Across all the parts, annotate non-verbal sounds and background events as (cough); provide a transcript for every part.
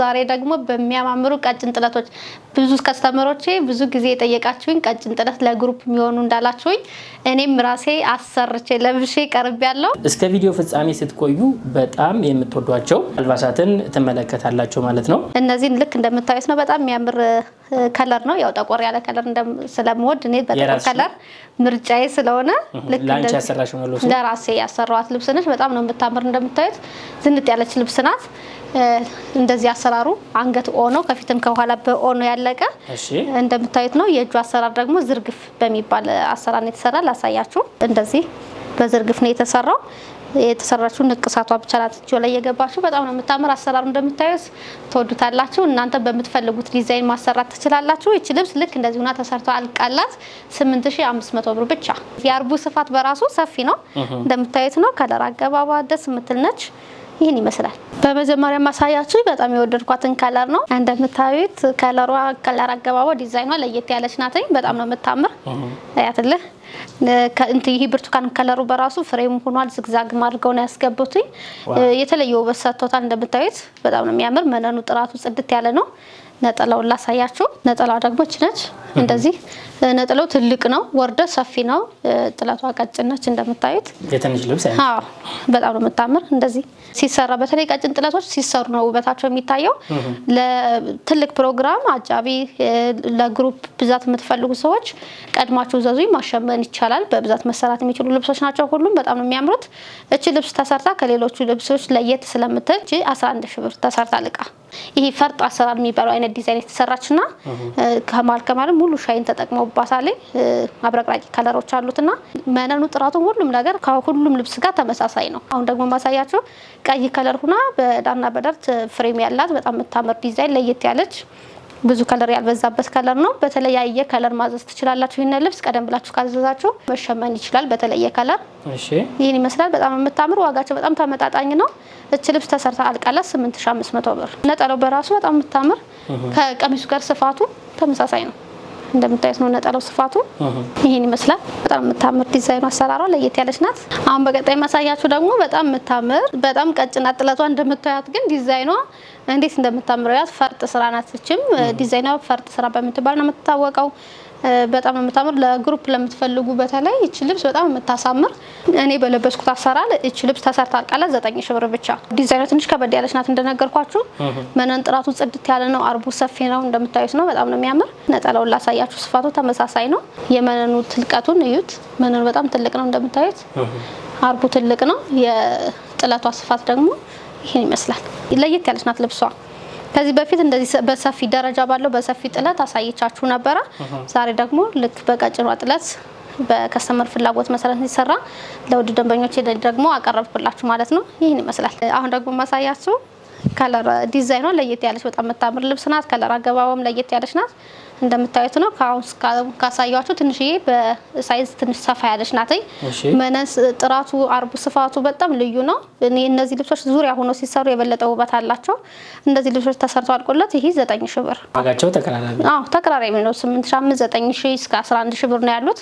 ዛሬ ደግሞ በሚያማምሩ ቀጭን ጥለቶች ብዙ ከስተመሮቼ ብዙ ጊዜ የጠየቃችሁኝ ቀጭን ጥለት ለግሩፕ የሚሆኑ እንዳላችሁኝ እኔም ራሴ አሰርቼ ለብሼ ያለው። እስከ ቪዲዮ ፍጻሜ ስትቆዩ በጣም የምትወዷቸው አልባሳትን ትመለከታላቸው ማለት ነው። እነዚህን ልክ እንደምታዩት ነው። በጣም የሚያምር ከለር ነው። ያው ጠቆር ያለ ከለር ስለምወድ እኔ በጠቆር ከለር ምርጫዬ ስለሆነ ለራሴ ያሰራዋት ልብስ ነች። በጣም ነው የምታምር። እንደምታዩት ዝንጥ ያለች ልብስ ናት። እንደዚህ አሰራሩ አንገት ኦ ነው። ከፊትም ከኋላ በኦ ነው ያለቀ እንደምታዩት ነው። የእጁ አሰራር ደግሞ ዝርግፍ በሚባል አሰራር ነው የተሰራ። ላሳያችሁ። እንደዚህ በዝርግፍ ነው የተሰራው። የተሰራችሁ ንቅሳቷ ብቻ ናት ላይ የገባችሁ። በጣም ነው የምታምር። አሰራሩ እንደምታዩት ትወዱታላችሁ። እናንተ በምትፈልጉት ዲዛይን ማሰራት ትችላላችሁ። ይቺ ልብስ ልክ እንደዚህ ሁና ተሰርቶ አልቃላት 8500 ብር ብቻ። የአርቡ ስፋት በራሱ ሰፊ ነው እንደምታዩት ነው። ከለር አገባባ ደስ የምትል ነች። ይህን ይመስላል። በመጀመሪያ ማሳያችሁ በጣም የወደድኳትን ከለር ነው። እንደምታዩት ከለሯ ከለር አገባቧ ዲዛይኗ ለየት ያለች ናትኝ። በጣም ነው የምታምር ያትልህ ይሄ ብርቱካን ከለሩ በራሱ ፍሬም ሆኗል። ዝግዛግ አድርገው ነው ያስገቡትኝ። የተለየ ውበት ሰጥቶታል። እንደምታዩት በጣም ነው የሚያምር። መነኑ ጥራቱ ጽድት ያለ ነው። ነጠላውን ላሳያችሁ። ነጠላዋ ደግሞ እች ነች። እንደዚህ ነጠላው ትልቅ ነው፣ ወርደ ሰፊ ነው። ጥለቷ ቀጭን ነች። እንደምታዩት የትንሽ ልብስ አዎ፣ በጣም ነው የምታምር። እንደዚህ ሲሰራ በተለይ ቀጭን ጥለቶች ሲሰሩ ነው ውበታቸው የሚታየው። ለትልቅ ፕሮግራም አጃቢ፣ ለግሩፕ ብዛት የምትፈልጉ ሰዎች ቀድማችሁ ዘዙኝ ማሸመን መተወን ይቻላል። በብዛት መሰራት የሚችሉ ልብሶች ናቸው። ሁሉም በጣም ነው የሚያምሩት። እቺ ልብስ ተሰርታ ከሌሎቹ ልብሶች ለየት ስለምትል እ 11 ሺህ ብር ተሰርታ ልቃ ይሄ ፈርጥ አሰራር የሚባለው አይነት ዲዛይን የተሰራች ና ከማል ከማል ሙሉ ሻይን ተጠቅመውባታል። አብረቅራቂ ከለሮች አሉት ና መነኑ ጥራቱ ሁሉም ነገር ከሁሉም ልብስ ጋር ተመሳሳይ ነው። አሁን ደግሞ ማሳያቸው ቀይ ከለር ሁና በዳና በደርት ፍሬም ያላት በጣም የምታምር ዲዛይን ለየት ያለች ብዙ ከለር ያልበዛበት ከለር ነው። በተለያየ ከለር ማዘዝ ትችላላችሁ። ይህን ልብስ ቀደም ብላችሁ ካዘዛችሁ መሸመን ይችላል በተለየ ከለር። ይህን ይመስላል። በጣም የምታምር ዋጋቸው በጣም ተመጣጣኝ ነው። እች ልብስ ተሰርታ አምስት መቶ ብር። ነጠለው በራሱ በጣም የምታምር ከቀሚሱ ጋር ስፋቱ ተመሳሳይ ነው። እንደምታዩት ነው ነጠለው ስፋቱ ይሄን ይመስላል። በጣም የምታምር ዲዛይኑ አሰራሯ ለየት ያለች ናት። አሁን በቀጣይ ማሳያችሁ ደግሞ በጣም የምታምር በጣም ቀጭና ጥለቷ እንደምታዩት ግን ዲዛይኗ እንዴት እንደምታምረው ያት ፈርጥ ስራ ናት። እችም ዲዛይኗ ፈርጥ ስራ በምትባል ነው የምትታወቀው። በጣም የምታምር ለግሩፕ ለምትፈልጉ በተለይ ይች ልብስ በጣም የምታሳምር እኔ በለበስኩት አሰራር እች ልብስ ተሰርታ ቃላት ዘጠኝ ሺህ ብር ብቻ። ዲዛይኗ ትንሽ ከበድ ያለች ናት እንደነገርኳችሁ። መነን ጥራቱ ጽድት ያለ ነው። አርቡ ሰፊ ነው እንደምታዩት ነው። በጣም ነው የሚያምር። ነጠላውን ላሳያችሁ። ስፋቱ ተመሳሳይ ነው። የመነኑ ትልቀቱን እዩት። መነኑ በጣም ትልቅ ነው እንደምታዩት። አርቡ ትልቅ ነው። የጥለቷ ስፋት ደግሞ ይህን ይመስላል። ለየት ያለች ናት ልብሷ። ከዚህ በፊት እንደዚህ በሰፊ ደረጃ ባለው በሰፊ ጥለት አሳየቻችሁ ነበረ። ዛሬ ደግሞ ልክ በቀጭኗ ጥለት በከስተመር ፍላጎት መሰረት ሲሰራ ለውድ ደንበኞች ደግሞ አቀረብኩላችሁ ማለት ነው። ይህን ይመስላል። አሁን ደግሞ ማሳያችሁ ከለር ዲዛይኗ ለየት ያለች በጣም የምታምር ልብስ ናት። ከለር አገባቧም ለየት ያለች ናት። እንደምታዩት ነው። ከአሁን ካሳያችሁ ትንሽዬ በሳይዝ ትንሽ ሰፋ ያለች ናት። መነስ ጥራቱ፣ አርቡ፣ ስፋቱ በጣም ልዩ ነው። እነዚህ ልብሶች ዙሪያ ሆኖ ሲሰሩ የበለጠ ውበት አላቸው። እነዚህ ልብሶች ተሰርቶ አልቆለት ይህ ዘጠኝ ሺ ብር ዋጋቸው ተቀራራቢ ነው። ተቀራራቢ ነው። ስምንት ሺ አምስት ዘጠኝ ሺ እስከ አስራ አንድ ሺ ብር ነው ያሉት።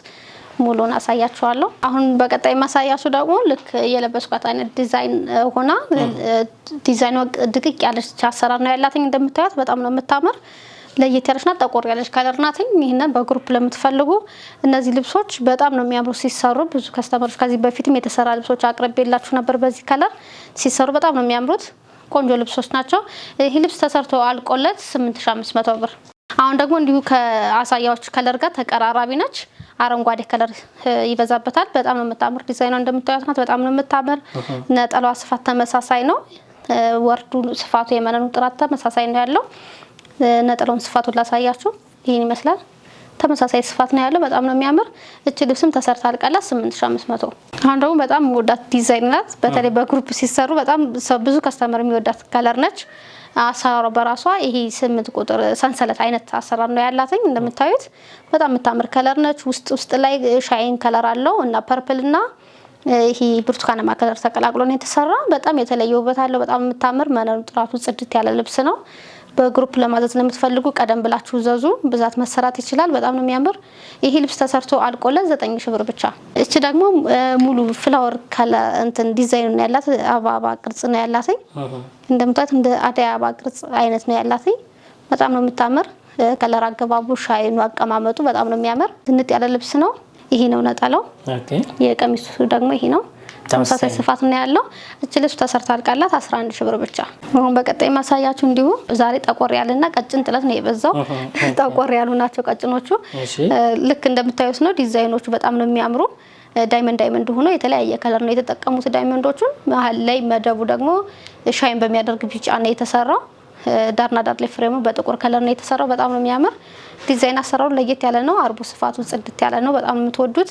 ሙሉን አሳያችኋለሁ። አሁን በቀጣይ ማሳያችሁ ደግሞ ልክ የለበስኳት አይነት ዲዛይን ሆና ዲዛይን ድቅቅ ያለች አሰራር ነው ያላትኝ። እንደምታዩት በጣም ነው የምታምር ለየት ያለችና ጠቆር ያለች ከለር ናትኝ። ይህንን በግሩፕ ለምትፈልጉ እነዚህ ልብሶች በጣም ነው የሚያምሩ ሲሰሩ። ብዙ ከስተመሮች ከዚህ በፊትም የተሰራ ልብሶች አቅርቤላችሁ ነበር። በዚህ ከለር ሲሰሩ በጣም ነው የሚያምሩት። ቆንጆ ልብሶች ናቸው። ይህ ልብስ ተሰርቶ አልቆለት 8500 ብር። አሁን ደግሞ እንዲሁ ከአሳያዎች ከለር ጋር ተቀራራቢ ነች። አረንጓዴ ከለር ይበዛበታል። በጣም ነው የምታምር። ዲዛይኗ እንደምታዩት ናት። በጣም ነው የምታምር። ነጠላዋ ስፋት ተመሳሳይ ነው። ወርዱ ስፋቱ የመነኑ ጥራት ተመሳሳይ ነው ያለው ነጠላውን ስፋቱን ላሳያችሁ። ይህን ይመስላል። ተመሳሳይ ስፋት ነው ያለው። በጣም ነው የሚያምር። እች ልብስም ተሰርታ አልቃላት 8500። አሁን ደግሞ በጣም ወዳት ዲዛይን ናት። በተለይ በግሩፕ ሲሰሩ በጣም ብዙ ከስተመር የሚወዳት ከለር ነች። አሰራሯ በራሷ ይሄ ስምንት ቁጥር ሰንሰለት አይነት አሰራር ነው ያላትኝ። እንደምታዩት በጣም የምታምር ከለር ነች። ውስጥ ውስጥ ላይ ሻይን ከለር አለው እና ፐርፕል እና ይሄ ብርቱካናማ ከለር ተቀላቅሎ ነው የተሰራ። በጣም የተለየ ውበት አለው። በጣም የምታምር መነኑ ጥራቱ ጽድት ያለ ልብስ ነው። በግሩፕ ለማዘዝ ለምትፈልጉ ቀደም ብላችሁ ዘዙ። ብዛት መሰራት ይችላል። በጣም ነው የሚያምር። ይሄ ልብስ ተሰርቶ አልቆለ ዘጠኝ ሺ ብር ብቻ። እቺ ደግሞ ሙሉ ፍላወር ካለ እንትን ዲዛይን ነው ያላት። አበባ ቅርጽ ነው ያላትኝ። እንደምታት እንደ አደይ አበባ ቅርጽ አይነት ነው ያላትኝ። በጣም ነው የምታምር። ከለር አገባቡ፣ ሻይኑ፣ አቀማመጡ በጣም ነው የሚያምር። ትንጥ ያለ ልብስ ነው። ይሄ ነው ነጠላው። የቀሚሱ ደግሞ ይሄ ነው። ተመሳሳይ ስፋት ነው ያለው። እች ልብስ ተሰርታ አልቃላት 11 ሺ ብር ብቻ። አሁን በቀጣይ ማሳያችሁ እንዲሁ ዛሬ ጠቆር ያለና ቀጭን ጥለት ነው የበዛው። (laughs) ጠቆር ያሉ ናቸው ቀጭኖቹ። ልክ እንደምታዩት ነው። ዲዛይኖቹ በጣም ነው የሚያምሩ። ዳይመንድ ዳይመንድ ሆኖ የተለያየ ከለር ነው የተጠቀሙት ዳይመንዶቹን። መሀል ላይ መደቡ ደግሞ ሻይን በሚያደርግ ቢጫ ነው የተሰራው። ዳርና ዳር ላይ ፍሬሙ በጥቁር ከለር ነው የተሰራው። በጣም ነው የሚያምር ዲዛይን። አሰራሩ ለየት ያለ ነው። አርቡ ስፋቱ ጽድት ያለ ነው። በጣም ነው የምትወዱት።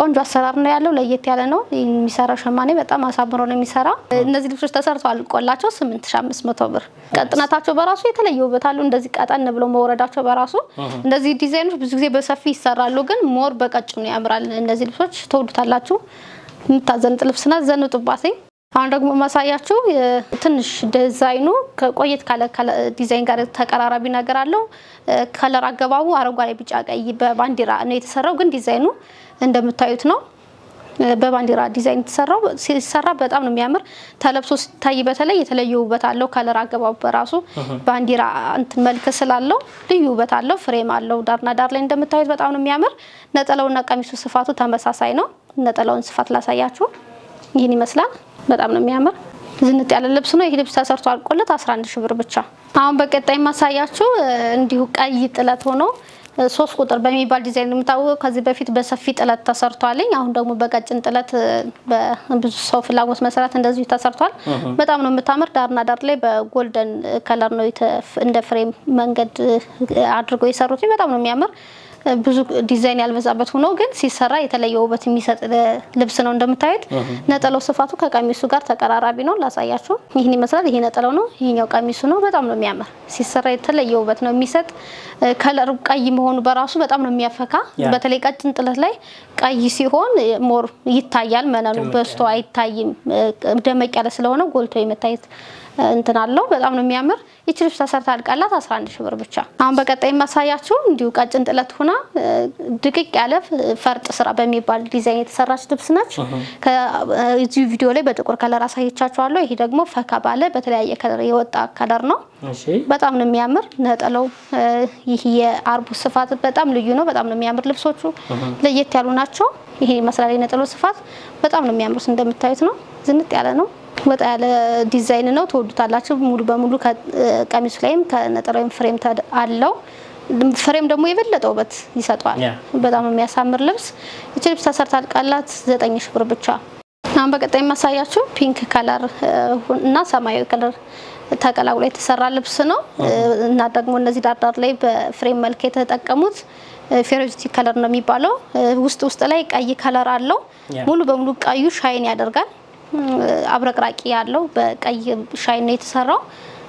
ቆንጆ አሰራር ነው ያለው። ለየት ያለ ነው የሚሰራው። ሸማኔ በጣም አሳምሮ ነው የሚሰራ። እነዚህ ልብሶች ተሰርተው አልቆላቸው 8500 ብር። ቀጥነታቸው በራሱ የተለየ ውበት አሉ እንደዚህ ቀጠን ብለው መውረዳቸው በራሱ እንደዚህ ዲዛይኖች ብዙ ጊዜ በሰፊ ይሰራሉ፣ ግን ሞር በቀጭኑ ያምራል። እነዚህ ልብሶች ተወዱታላችሁ። የምታዘንጥ ልብስና ዘንጡባሴኝ አሁን ደግሞ ማሳያችሁ ትንሽ ዲዛይኑ ከቆየት ካለ ዲዛይን ጋር ተቀራራቢ ነገር አለው። ከለር አገባቡ አረንጓዴ፣ ቢጫ፣ ቀይ በባንዲራ ነው የተሰራው፣ ግን ዲዛይኑ እንደምታዩት ነው። በባንዲራ ዲዛይን የተሰራው ሲሰራ በጣም ነው የሚያምር። ተለብሶ ሲታይ በተለይ የተለየ ውበት አለው። ከለር አገባቡ በራሱ ባንዲራ እንትን መልክ ስላለው ልዩ ውበት አለው። ፍሬም አለው። ዳርና ዳር ላይ እንደምታዩት በጣም ነው የሚያምር። ነጠላውና ቀሚሱ ስፋቱ ተመሳሳይ ነው። ነጠላውን ስፋት ላሳያችሁ ይህን ይመስላል። በጣም ነው የሚያምር ዝንጥ ያለ ልብስ ነው። ይህ ልብስ ተሰርቶ አልቆለት 11 ሺ ብር ብቻ። አሁን በቀጣይ ማሳያችሁ እንዲሁ ቀይ ጥለት ሆኖ ሶስት ቁጥር በሚባል ዲዛይን የምታወቀው ከዚህ በፊት በሰፊ ጥለት ተሰርቷልኝ። አሁን ደግሞ በቀጭን ጥለት በብዙ ሰው ፍላጎት መሰረት እንደዚሁ ተሰርቷል። በጣም ነው የምታምር። ዳርና ዳር ላይ በጎልደን ከለር ነው እንደ ፍሬም መንገድ አድርገው የሰሩት። በጣም ነው የሚያምር ብዙ ዲዛይን ያልበዛበት ሆኖ ግን ሲሰራ የተለየ ውበት የሚሰጥ ልብስ ነው። እንደምታዩት ነጠላው ስፋቱ ከቀሚሱ ጋር ተቀራራቢ ነው። ላሳያችሁ፣ ይህን ይመስላል። ይሄ ነጠላው ነው፣ ይሄኛው ቀሚሱ ነው። በጣም ነው የሚያምር። ሲሰራ የተለየ ውበት ነው የሚሰጥ። ከለሩ ቀይ መሆኑ በራሱ በጣም ነው የሚያፈካ። በተለይ ቀጭን ጥለት ላይ ቀይ ሲሆን ሞር ይታያል። መነኑ በስቶ አይታይም። ደመቅ ያለ ስለሆነ ጎልቶ የመታየት እንትን አለው። በጣም ነው የሚያምር። ይች ልብስ ተሰርታ አልቃላት 11 ሺህ ብር ብቻ። አሁን በቀጣይ የማሳያችሁ እንዲሁ ቀጭን ጥለት ሆና ድቅቅ ያለ ፈርጥ ስራ በሚባል ዲዛይን የተሰራች ልብስ ነች። ከዚሁ ቪዲዮ ላይ በጥቁር ከለር አሳይቻችኋለሁ። ይሄ ደግሞ ፈካ ባለ በተለያየ ከለር የወጣ ከለር ነው። በጣም ነው የሚያምር። ነጠለው ይህ የአርቡ ስፋት በጣም ልዩ ነው። በጣም ነው የሚያምር። ልብሶቹ ለየት ያሉ ናቸው። ይሄ መስላ ላይ ነጠለው ስፋት በጣም ነው የሚያምሩት። እንደምታዩት ነው። ዝንጥ ያለ ነው። ወጣ ያለ ዲዛይን ነው፣ ትወዱታላችሁ። ሙሉ በሙሉ ቀሚሱ ላይም ከነጠላውም ፍሬም አለው። ፍሬም ደግሞ የበለጠ ውበት ይሰጠዋል። በጣም የሚያሳምር ልብስ። እቺ ልብስ ተሰርታ አልቃላት ዘጠኝ ሺህ ብር ብቻ። አሁን በቀጣይ የማሳያችሁ ፒንክ ከለር እና ሰማያዊ ከለር ተቀላቅሎ የተሰራ ልብስ ነው እና ደግሞ እነዚህ ዳርዳር ላይ በፍሬም መልክ የተጠቀሙት ፌሮዚቲ ከለር ነው የሚባለው። ውስጥ ውስጥ ላይ ቀይ ከለር አለው። ሙሉ በሙሉ ቀዩ ሻይን ያደርጋል። አብረቅራቂ ያለው በቀይ ሻይ ነው የተሰራው።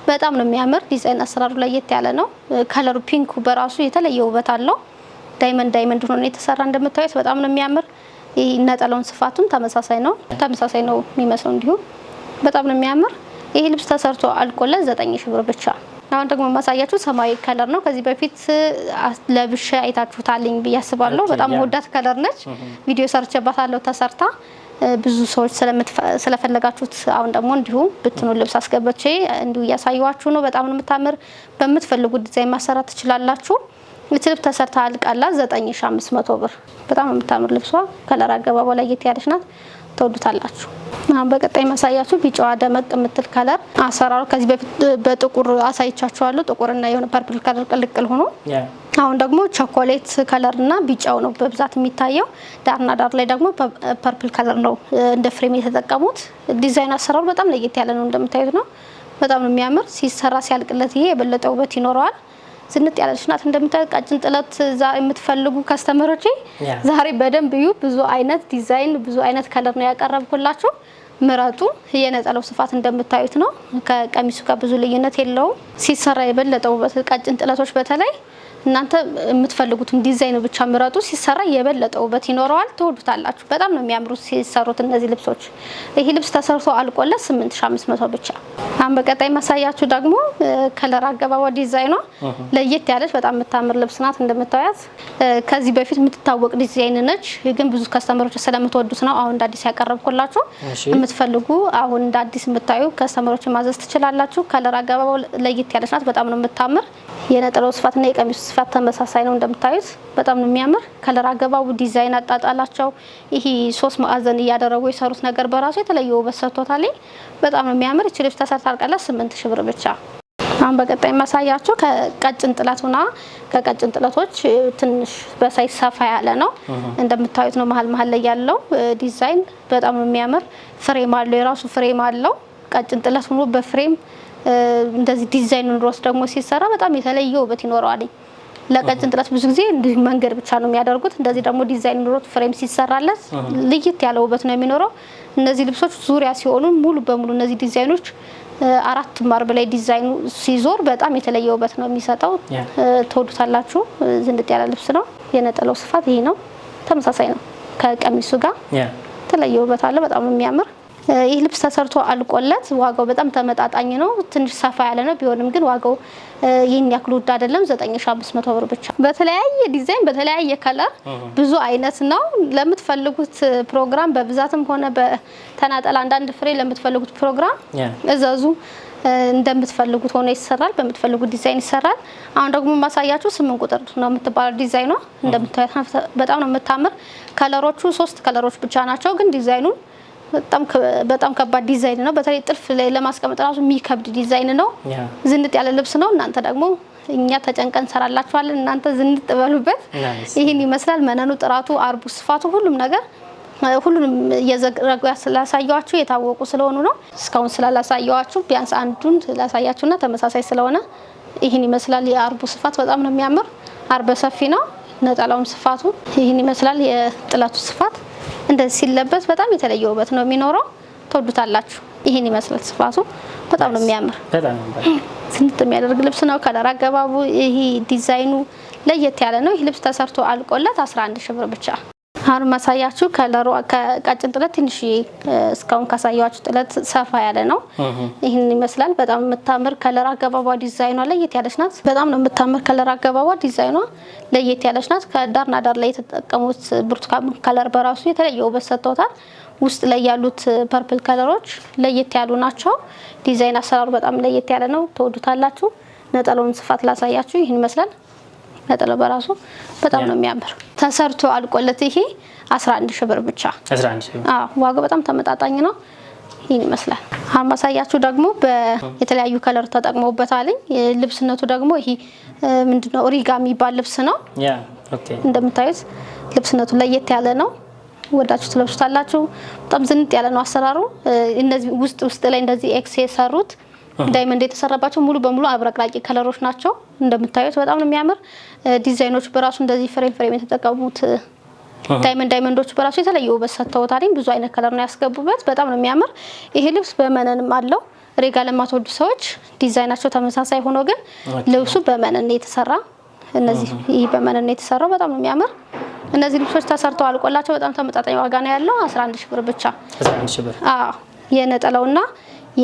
በጣም ነው የሚያምር። ዲዛይን አሰራሩ ለየት ያለ ነው። ከለሩ ፒንኩ በራሱ የተለየ ውበት አለው። ዳይመንድ ዳይመንድ ሆኖ ነው የተሰራ። እንደምታዩት በጣም ነው የሚያምር። ይህ ነጠላውን ስፋቱም ተመሳሳይ ነው ተመሳሳይ ነው የሚመስለው። እንዲሁም በጣም ነው የሚያምር። ይህ ልብስ ተሰርቶ አልቆለ ዘጠኝ ሺህ ብር ብቻ። አሁን ደግሞ ማሳያችሁ ሰማያዊ ከለር ነው። ከዚህ በፊት ለብሼ አይታችሁታልኝ ብዬ አስባለሁ። በጣም ወዳት ከለር ነች። ቪዲዮ ሰርቼባታለሁ ተሰርታ ብዙ ሰዎች ስለፈለጋችሁት አሁን ደግሞ እንዲሁ ብትኑ ልብስ አስገብቼ እንዲሁ እያሳየዋችሁ ነው። በጣም ነው የምታምር። በምትፈልጉት ዲዛይን ማሰራት ትችላላችሁ። ልብስ ተሰርታ አልቃላት 9500 ብር። በጣም የምታምር ልብሷ ከለር አገባቧ ላይ የት ያለች ናት። ተወዱታላችሁ። አሁን በቀጣይ ማሳያችሁ ቢጫዋ ደመቅ የምትል ከለር አሰራሩ ከዚህ በፊት በጥቁር አሳይቻችኋለሁ። ጥቁርና የሆነ ፐርፕል ከለር ቅልቅል ሆኖ አሁን ደግሞ ቸኮሌት ከለር እና ቢጫው ነው በብዛት የሚታየው። ዳርና ዳር ላይ ደግሞ ፐርፕል ከለር ነው እንደ ፍሬም የተጠቀሙት። ዲዛይን አሰራሩ በጣም ለየት ያለ ነው እንደምታዩት ነው። በጣም ነው የሚያምር። ሲሰራ ሲያልቅለት ይሄ የበለጠ ውበት ይኖረዋል። ዝንጥ ያለች ናት። እንደምታዩት ቀጭን ጥለት የምትፈልጉ ከስተመሮቼ ዛሬ በደንብ እዩ። ብዙ አይነት ዲዛይን፣ ብዙ አይነት ከለር ነው ያቀረብኩላችሁ። ምረጡ። የነጠለው ስፋት እንደምታዩት ነው። ከቀሚሱ ጋር ብዙ ልዩነት የለውም። ሲሰራ የበለጠ ውበት ቀጭን ጥለቶች በተለይ እናንተ የምትፈልጉትን ዲዛይኑ ብቻ ምረጡ። ሲሰራ የበለጠ ውበት ይኖረዋል። ትወዱታላችሁ። በጣም ነው የሚያምሩት ሲሰሩት እነዚህ ልብሶች። ይህ ልብስ ተሰርቶ አልቆለ 8500 ብቻ። አሁን በቀጣይ ማሳያችሁ ደግሞ ከለር አገባባ ዲዛይኗ ለየት ያለች በጣም የምታምር ልብስ ናት። እንደምታያት ከዚህ በፊት የምትታወቅ ዲዛይን ነች፣ ግን ብዙ ከስተመሮች ስለምትወዱት ነው አሁን እንደ አዲስ ያቀረብኩላችሁ። የምትፈልጉ አሁን እንደ አዲስ የምታዩ ከስተመሮች ማዘዝ ትችላላችሁ። ከለር አገባባ ለየት ያለች ናት። በጣም ነው የምታምር የነጠላው ስፋትና የቀሚሱ ፍላት ተመሳሳይ ነው እንደምታዩት፣ በጣም ነው የሚያምር ከለር አገባቡ፣ ዲዛይን አጣጣላቸው፣ ይሄ ሶስት ማዕዘን እያደረጉ የሰሩት ነገር በራሱ የተለየ ውበት ሰጥቶታል። በጣም ነው የሚያምር። እቺ ልብስ ተሰርታ አልቃለች፣ ስምንት ብር ብቻ። አሁን በቀጣይ ማሳያችሁ ከቀጭን ጥለቱና ከቀጭን ጥለቶች ትንሽ በሳይዝ ሰፋ ያለ ነው እንደምታዩት ነው። መሀል መሀል ላይ ያለው ዲዛይን በጣም ነው የሚያምር። ፍሬም አለው፣ የራሱ ፍሬም አለው። ቀጭን ጥለት ሆኖ በፍሬም እንደዚህ ዲዛይኑን ሮስ ደግሞ ሲሰራ በጣም የተለየ ውበት ይኖረዋል። ለቀጭን ጥለት ብዙ ጊዜ እንዲህ መንገድ ብቻ ነው የሚያደርጉት። እንደዚህ ደግሞ ዲዛይን ኑሮት ፍሬም ሲሰራለት ለየት ያለ ውበት ነው የሚኖረው። እነዚህ ልብሶች ዙሪያ ሲሆኑ ሙሉ በሙሉ እነዚህ ዲዛይኖች አራት ማርብ ላይ ዲዛይኑ ሲዞር በጣም የተለየ ውበት ነው የሚሰጠው። ተወዱታላችሁ። ዝንጥ ያለ ልብስ ነው። የነጠለው ስፋት ይሄ ነው። ተመሳሳይ ነው ከቀሚሱ ጋር የተለየ ውበት አለ። በጣም የሚያምር ይህ ልብስ ተሰርቶ አልቆለት ዋጋው በጣም ተመጣጣኝ ነው። ትንሽ ሰፋ ያለ ነው ቢሆንም ግን ዋጋው ይህን ያክል ውድ አይደለም። 9500 ብር ብቻ። በተለያየ ዲዛይን በተለያየ ከለር ብዙ አይነት ነው። ለምትፈልጉት ፕሮግራም በብዛትም ሆነ በተናጠል አንዳንድ ፍሬ ለምትፈልጉት ፕሮግራም እዘዙ። እንደምትፈልጉት ሆኖ ይሰራል። በምትፈልጉት ዲዛይን ይሰራል። አሁን ደግሞ ማሳያችሁ ስምንት ቁጥር ነው የምትባለው ዲዛይኗ። እንደምታዩት በጣም ነው የምታምር። ከለሮቹ ሶስት ከለሮች ብቻ ናቸው፣ ግን ዲዛይኑን በጣም ከባድ ዲዛይን ነው። በተለይ ጥልፍ ላይ ለማስቀመጥ ራሱ የሚከብድ ዲዛይን ነው። ዝንጥ ያለ ልብስ ነው። እናንተ ደግሞ እኛ ተጨንቀን እንሰራላችኋለን፣ እናንተ ዝንጥ በሉበት። ይህን ይመስላል መነኑ፣ ጥራቱ፣ አርቡ፣ ስፋቱ፣ ሁሉም ነገር ሁሉንም እየዘረጉ ስላሳየዋችሁ የታወቁ ስለሆኑ ነው። እስካሁን ስላላሳየዋችሁ ቢያንስ አንዱን ስላሳያችሁና ተመሳሳይ ስለሆነ ይህን ይመስላል። የአርቡ ስፋት በጣም ነው የሚያምር፣ አርበ ሰፊ ነው። ነጠላውም ስፋቱ ይህን ይመስላል። የጥለቱ ስፋት እንደዚህ ሲለበስ በጣም የተለየ ውበት ነው የሚኖረው። ተወዱታላችሁ። ይህን ይመስላል ስፋቱ። በጣም ነው የሚያምር፣ ስንት የሚያደርግ ልብስ ነው። ከለር አገባቡ፣ ይሄ ዲዛይኑ ለየት ያለ ነው። ይህ ልብስ ተሰርቶ አልቆለት 11 ሺ ብር ብቻ አሁን ማሳያችሁ ከለሩ ከቀጭን ጥለት ትንሽ እስካሁን ካሳያችሁ ጥለት ሰፋ ያለ ነው። ይህን ይመስላል። በጣም የምታምር ከለር አገባቧ ዲዛይኗ ለየት ያለች ናት። በጣም ነው የምታምር ከለር አገባቧ ዲዛይኗ ለየት ያለች ናት። ከዳርና ዳር ላይ የተጠቀሙት ብርቱካን ከለር በራሱ የተለየ ውበት ሰጥተውታል። ውስጥ ላይ ያሉት ፐርፕል ከለሮች ለየት ያሉ ናቸው። ዲዛይን አሰራሩ በጣም ለየት ያለ ነው። ተወዱታላችሁ ነጠላውን ስፋት ላሳያችሁ። ይህን ይመስላል። ነጠላው በራሱ በጣም ነው የሚያምር። ተሰርቶ አልቆለት ይሄ 11 ሺህ ብር ብቻ። ዋጋው በጣም ተመጣጣኝ ነው። ይህን ይመስላል። አማሳያችሁ ደግሞ የተለያዩ ከለር ተጠቅመውበታልኝ። ልብስነቱ ደግሞ ይሄ ምንድነው ኦሪጋ የሚባል ልብስ ነው። እንደምታዩት ልብስነቱ ለየት ያለ ነው። ወዳችሁ ትለብሱታላችሁ። በጣም ዝንጥ ያለ ነው አሰራሩ። እነዚህ ውስጥ ውስጥ ላይ እንደዚህ ኤክስ የሰሩት ዳይመንድ የተሰራባቸው ሙሉ በሙሉ አብረቅራቂ ከለሮች ናቸው። እንደምታዩት በጣም ነው የሚያምር። ዲዛይኖቹ በራሱ እንደዚህ ፍሬም ፍሬም የተጠቀሙት ዳይመንድ ዳይመንዶቹ በራሱ የተለየ ውበት ሰጥተውታል። ብዙ አይነት ከለር ነው ያስገቡበት። በጣም ነው የሚያምር። ይሄ ልብስ በመነንም አለው። ሬጋ ለማትወዱ ሰዎች ዲዛይናቸው ተመሳሳይ ሆኖ ግን ልብሱ በመነን የተሰራ እነዚህ ይህ በመነን የተሰራው በጣም ነው የሚያምር። እነዚህ ልብሶች ተሰርተው አልቆላቸው በጣም ተመጣጣኝ ዋጋ ነው ያለው 11 ሺህ ብር ብቻ። አዎ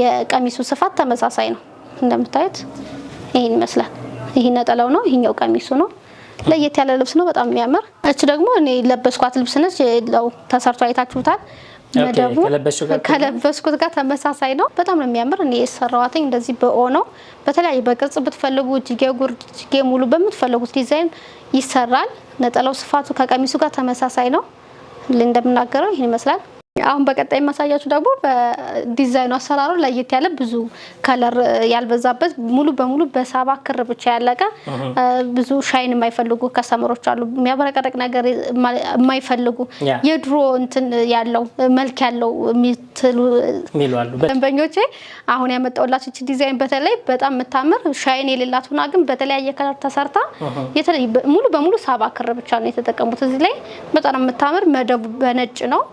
የቀሚሱ ስፋት ተመሳሳይ ነው። እንደምታዩት ይሄን ይመስላል። ይሄ ነጠላው ነው፣ ይሄኛው ቀሚሱ ነው። ለየት ያለ ልብስ ነው፣ በጣም የሚያምር። እች ደግሞ እኔ ለበስኳት ልብስ ነች። ለው ተሰርቶ አይታችሁታል። መደቡ ከለበስኩት ጋር ተመሳሳይ ነው። በጣም ነው የሚያምር። እኔ የሰራዋት እንደዚህ በኦ ነው። በተለያየ በቅርጽ ብትፈልጉ እጅጌ ጉርድ፣ እጅጌ ሙሉ በምትፈልጉት ዲዛይን ይሰራል። ነጠላው ስፋቱ ከቀሚሱ ጋር ተመሳሳይ ነው። እንደምናገረው ይህን ይመስላል። አሁን በቀጣይ የማሳያችሁ ደግሞ በዲዛይኑ አሰራሩ ለየት ያለ ብዙ ከለር ያልበዛበት ሙሉ በሙሉ በሳባ ክር ብቻ ያለቀ ብዙ ሻይን የማይፈልጉ ከስተመሮች አሉ። የሚያብረቀረቅ ነገር የማይፈልጉ የድሮ እንትን ያለው መልክ ያለው የሚትሉ ደንበኞቼ አሁን ያመጣውላችሁ ዲዛይን በተለይ በጣም የምታምር ሻይን የሌላት ሆና ግን በተለያየ ከለር ተሰርታ ሙሉ በሙሉ ሰባ ክር ብቻ ነው የተጠቀሙት። እዚህ ላይ በጣም የምታምር መደቡ በነጭ ነው።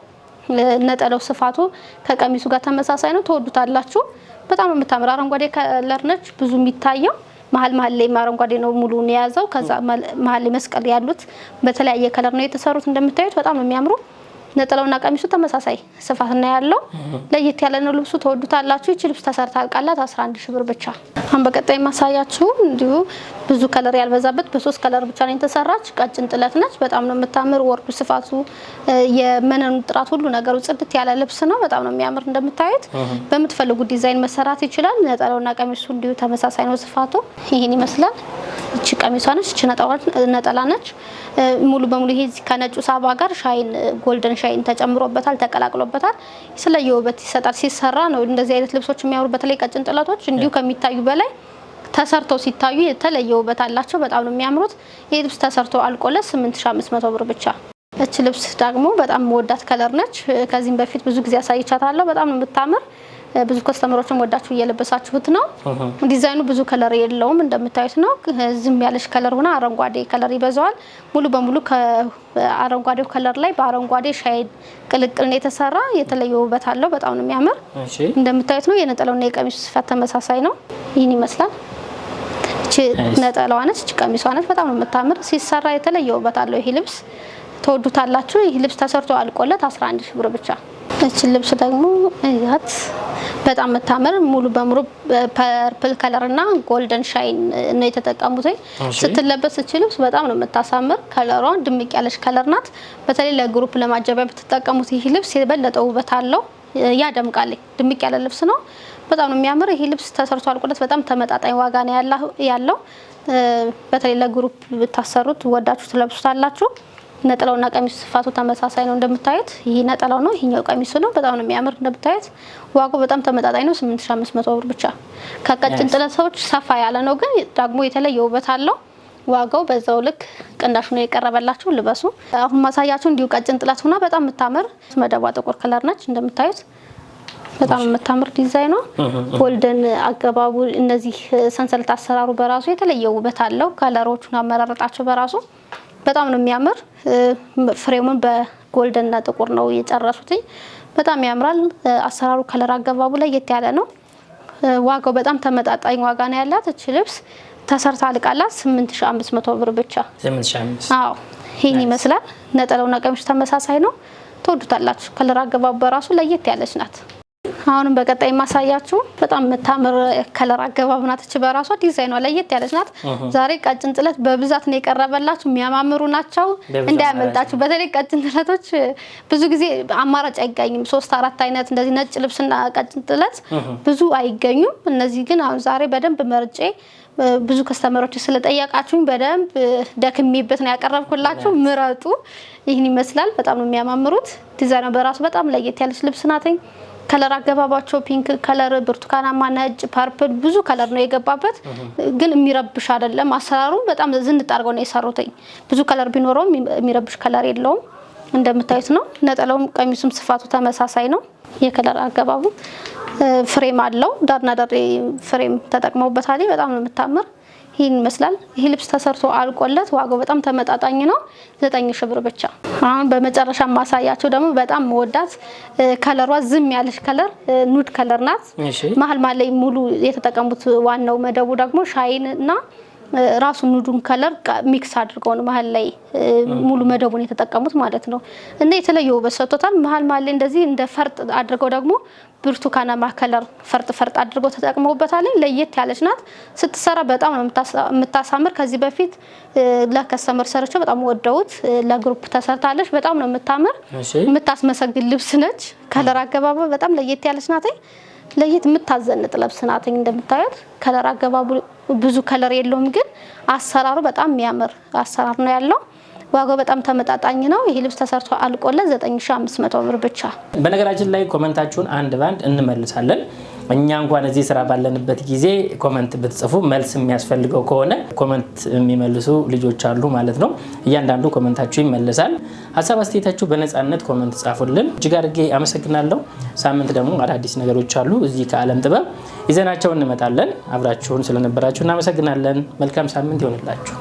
ነጠለው ስፋቱ ከቀሚሱ ጋር ተመሳሳይ ነው። ተወዱታላችሁ። በጣም ነው የምታምር። አረንጓዴ ከለር ነች ብዙ የሚታየው መሀል መሀል ላይ አረንጓዴ ነው ሙሉን የያዘው። ከዛ መሀል ላይ መስቀል ያሉት በተለያየ ከለር ነው የተሰሩት። እንደምታዩት በጣም ነው የሚያምሩ። ነጠላውና ቀሚሱ ተመሳሳይ ስፋት ነው ያለው። ለየት ያለ ነው ልብሱ፣ ተወዱታላችሁ። ይች ልብስ ተሰርታ አልቃላት 11 ሺህ ብር ብቻ። አሁን በቀጣይ ማሳያችሁ እንዲሁ ብዙ ከለር ያልበዛበት በሶስት ከለር ብቻ ነው የተሰራች ቀጭን ጥለት ነች። በጣም ነው የምታምር። ወርዱ፣ ስፋቱ፣ የመነኑ ጥራት፣ ሁሉ ነገሩ ጽድት ያለ ልብስ ነው። በጣም ነው የሚያምር። እንደምታዩት በምትፈልጉት ዲዛይን መሰራት ይችላል። ነጠላውና ቀሚሱ እንዲሁ ተመሳሳይ ነው ስፋቱ። ይህን ይመስላል። እቺ ቀሚሷ ነች። እቺ ነጠላ ነች። ሙሉ በሙሉ ይሄ ከነጩ ሳባ ጋር ሻይን ጎልደን ሻይን ተጨምሮበታል፣ ተቀላቅሎበታል። የተለየ ውበት ይሰጣል። ሲሰራ ነው እንደዚህ አይነት ልብሶች የሚያምሩ። በተለይ ቀጭን ጥለቶች እንዲሁ ከሚታዩ በላይ ተሰርተው ሲታዩ የተለየ ውበት አላቸው። በጣም ነው የሚያምሩት። ይህ ልብስ ተሰርቶ አልቆለ 8500 ብር ብቻ። እች ልብስ ደግሞ በጣም መወዳት ከለር ነች። ከዚህም በፊት ብዙ ጊዜ አሳይቻታለሁ። በጣም ነው የምታምር ብዙ ከስተመሮችን ወዳችሁ እየለበሳችሁት ነው። ዲዛይኑ ብዙ ከለር የለውም እንደምታዩት ነው። ዝም ያለች ከለር ሆና አረንጓዴ ከለር ይበዛዋል። ሙሉ በሙሉ ከአረንጓዴው ከለር ላይ በአረንጓዴ ሻይድ ቅልቅልን የተሰራ የተለየ ውበት አለው። በጣም ነው የሚያምር። እንደምታዩት ነው። የነጠላውና የቀሚሱ ስፋት ተመሳሳይ ነው። ይህን ይመስላል። ነጠላዋ ነች፣ ቀሚሷ ነች። በጣም ነው የምታምር። ሲሰራ የተለየ ውበት አለው። ይሄ ልብስ ተወዱታላችሁ። ይህ ልብስ ተሰርቶ አልቆለት 11 ሺህ ብር ብቻ እችን ልብስ ደግሞ እያት በጣም የምታምር ሙሉ በሙሉ ፐርፕል ከለር እና ጎልደን ሻይን ነው የተጠቀሙት። ስትለበስ እች ልብስ በጣም ነው የምታሳምር። ከለሯ ድምቅ ያለች ከለር ናት። በተለይ ለግሩፕ ለማጀቢያ ብትጠቀሙት ይህ ልብስ የበለጠ ውበት አለው። ያደምቃል። ድምቅ ያለ ልብስ ነው። በጣም ነው የሚያምር። ይህ ልብስ ተሰርቶ አልቆለት በጣም ተመጣጣኝ ዋጋ ነው ያለው። በተለይ ለግሩፕ ብታሰሩት ወዳችሁ ትለብሱታላችሁ። ነጠላውና ቀሚሱ ስፋቱ ተመሳሳይ ነው እንደምታዩት። ይህ ነጠላው ነው፣ ይሄኛው ቀሚሱ ነው። በጣም ነው የሚያምር እንደምታዩት። ዋጋው በጣም ተመጣጣኝ ነው፣ 8500 ብር ብቻ። ከቀጭን ሰዎች ሰፋ ያለ ነው፣ ግን ደግሞ የተለየ ውበት አለው። ዋጋው በዛው ልክ ቅናሽ ነው የቀረበላችሁ። ልበሱ። አሁን ማሳያችሁ እንዲሁ ቀጭን ጥለት ሆና በጣም የምታምር መደቧ ጥቁር ከለር ነች እንደምታዩት በጣም የምታምር ዲዛይኗ ጎልደን አገባቡ፣ እነዚህ ሰንሰለት አሰራሩ በራሱ የተለየ ውበት አለው። ከለሮቹን አመራረጣቸው በራሱ በጣም ነው የሚያምር። ፍሬሙን በጎልደን እና ጥቁር ነው የጨረሱትኝ። በጣም ያምራል። አሰራሩ ከለር አገባቡ ለየት ያለ ነው። ዋጋው በጣም ተመጣጣኝ ዋጋ ነው ያላት እች ልብስ ተሰርታ አልቃላት 8500 ብር ብቻ። አዎ ይህን ይመስላል። ነጠለውና ቀሚሱ ተመሳሳይ ነው። ትወዱታላችሁ። ከለር አገባቡ በራሱ ለየት ያለች ናት። አሁንም በቀጣይ ማሳያችሁ በጣም የምታምር ከለር አገባብ ናትች። በራሷ ዲዛይኗ ለየት ያለች ናት። ዛሬ ቀጭን ጥለት በብዛት ነው የቀረበላችሁ። የሚያማምሩ ናቸው፣ እንዳያመልጣችሁ። በተለይ ቀጭን ጥለቶች ብዙ ጊዜ አማራጭ አይገኝም። ሶስት አራት አይነት እንደዚህ ነጭ ልብስና ቀጭን ጥለት ብዙ አይገኙም። እነዚህ ግን አሁን ዛሬ በደንብ መርጬ ብዙ ከስተመሮች ስለጠየቃችሁኝ በደንብ ደክሜበት ነው ያቀረብኩላችሁ። ምረጡ። ይህን ይመስላል። በጣም ነው የሚያማምሩት። ዲዛይኗ በራሱ በጣም ለየት ያለች ልብስ ናትኝ። ከለር አገባባቸው ፒንክ ከለር፣ ብርቱካናማ፣ ነጭ፣ ፐርፕል ብዙ ከለር ነው የገባበት። ግን የሚረብሽ አይደለም። አሰራሩ በጣም ዝንጥ አድርገው ነው የሰሩትኝ። ብዙ ከለር ቢኖረውም የሚረብሽ ከለር የለውም። እንደምታዩት ነው። ነጠላውም ቀሚሱም ስፋቱ ተመሳሳይ ነው። የከለር አገባቡ ፍሬም አለው። ዳርና ዳር ፍሬም ተጠቅመውበታል። በጣም ነው የምታምር። ይህን ይመስላል። ይህ ልብስ ተሰርቶ አልቆለት ዋጋው በጣም ተመጣጣኝ ነው። ዘጠኝ ሺህ ብር ብቻ አሁን በመጨረሻ ማሳያቸው ደግሞ በጣም ወዳት ከለሯ ዝም ያለች ከለር ኑድ ከለር ናት። መሀል መሀል ላይ ሙሉ የተጠቀሙት ዋናው መደቡ ደግሞ ሻይን እና ራሱ ኑዱን ከለር ሚክስ አድርገው ነው መሀል ላይ ሙሉ መደቡን የተጠቀሙት ማለት ነው። እና የተለየ ውበት ሰጥቶታል። መሀል መሀል ላይ እንደዚህ እንደ ፈርጥ አድርገው ደግሞ ብርቱካናማ ከለር ፈርጥ ፈርጥ አድርጎ ተጠቅመውበታል። ለየት ያለች ናት። ስትሰራ በጣም ነው የምታሳምር። ከዚህ በፊት ለከስተመር ሰርቸው በጣም ወደውት ለግሩፕ ተሰርታለች። በጣም ነው የምታምር የምታስመሰግን ልብስ ነች። ከለር አገባባ በጣም ለየት ያለች ናት። ለየት የምታዘንጥ ልብስ ናት። እንደምታዩት ከለር አገባቡ ብዙ ከለር የለውም፣ ግን አሰራሩ በጣም የሚያምር አሰራር ነው ያለው ዋጋው በጣም ተመጣጣኝ ነው። ይሄ ልብስ ተሰርቶ አልቆለ 9500 ብር ብቻ። በነገራችን ላይ ኮመንታችሁን አንድ ባንድ እንመልሳለን። እኛ እንኳን እዚህ ስራ ባለንበት ጊዜ ኮመንት ብትጽፉ መልስ የሚያስፈልገው ከሆነ ኮመንት የሚመልሱ ልጆች አሉ ማለት ነው። እያንዳንዱ ኮመንታችሁ ይመለሳል። ሀሳብ አስተያየታችሁ በነፃነት ኮመንት ጻፉልን። እጅግ አድርጌ አመሰግናለሁ። ሳምንት ደግሞ አዳዲስ ነገሮች አሉ እዚህ ከዓለም ጥበብ ይዘናቸው እንመጣለን። አብራችሁን ስለነበራችሁ እናመሰግናለን። መልካም ሳምንት ይሆንላችሁ።